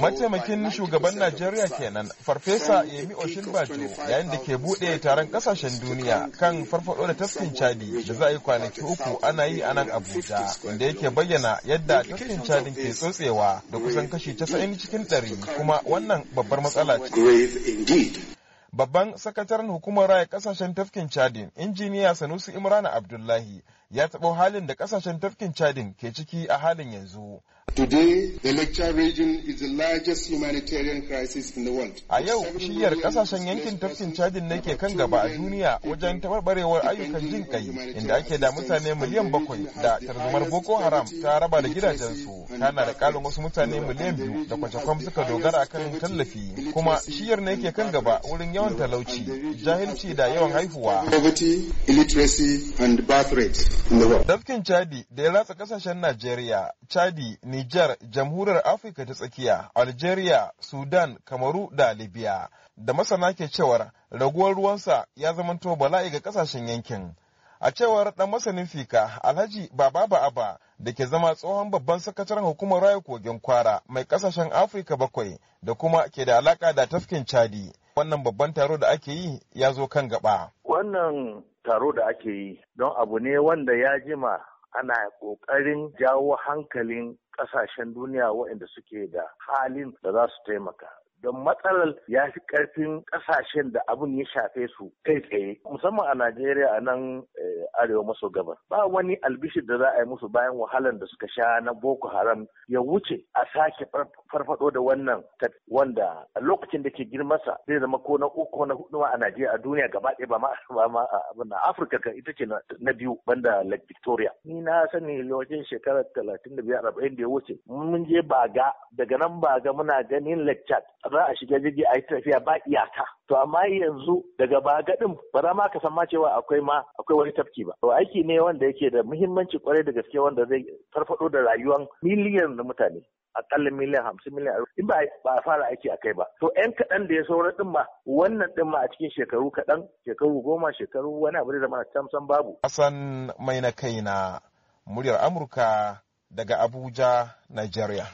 Mataimakin shugaban Najeriya kenan Farfesa Yemi Oshinbajo yayin da ke buɗe taron ƙasashen duniya kan farfaɗo da tafkin Chadi da za a yi kwanaki uku ana yi a nan Abuja inda yake bayyana yadda tafkin Chadi ke tsotsewa da kusan kashi 90 cikin ɗari kuma wannan babbar matsala ce. Babban sakataren hukumar raya kasashen tafkin Chadin, injiniya Sanusi Imrana Abdullahi, ya taɓo halin da kasashen tafkin Chadin ke ciki a halin yanzu. A yau, shiyar kasashen yankin tafkin Chadin na ke kan gaba a duniya wajen tabarbarewar ayyukan jin kai, inda ake da mutane miliyan bakwai da tarzumar Boko Haram ta raba da gidajensu, tana da ƙarin wasu mutane miliyan biyu da kwacakwam suka dogara kan tallafi, kuma shiyar na ke kan gaba wurin yau. yawan talauci jahilci da yawan haihuwa dafkin chadi da ya ratsa kasashen najeriya chadi niger jamhuriyar afirka ta tsakiya algeria sudan kamaru da libya da masana ke cewar raguwar ruwansa ya zamanto bala'i ga kasashen yankin a cewar dan masanin fika alhaji baba ba'aba da ke zama tsohon babban sakataren hukumar raya kogin kwara mai kasashen afirka bakwai da kuma ke da alaka da tafkin chadi wannan babban taro da ake yi ya zo kan gaba. Wannan taro da ake yi don abu ne wanda ya jima ana ƙoƙarin jawo hankalin ƙasashen duniya waɗanda suke da halin da za su taimaka. Don matsalar ya fi ƙarfin ƙasashen da abin ya shafe su kai tsaye. Musamman a Najeriya a nan arewa maso gabar ba wani albishir da za a yi musu bayan wahalar da suka sha na boko haram ya wuce a sake farfado da wannan wanda lokacin da ke sa, zai zama ko na uku na hudu a najeriya a duniya gaba ɗaya ba ma a afirka kan ita ce na biyu banda lake victoria ni na sani lokacin shekarar talatin da biyar arba'in da ya wuce mun je baga daga nan baga muna ganin lake chad za a shiga jirgi a yi tafiya ba iyaka to amma yanzu daga baga din ba za ma ka san ma cewa akwai ma akwai wani tafi gaske ba. To aiki ne wanda yake da muhimmanci kwarai da gaske wanda zai farfado da rayuwar miliyan na mutane. akalla miliyan hamsin miliyan arba'in in ba a fara aiki a kai ba to yan kaɗan da ya saura ɗin ma wannan ɗin ma a cikin shekaru kaɗan shekaru goma shekaru wani abu da zama samsam babu. Hassan mai na kai na muryar Amurka daga Abuja, Najeriya.